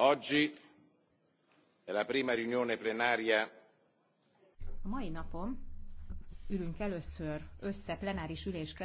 oggi è la prima riunione plenaria a mai napon ülünk először össze plenáris ülés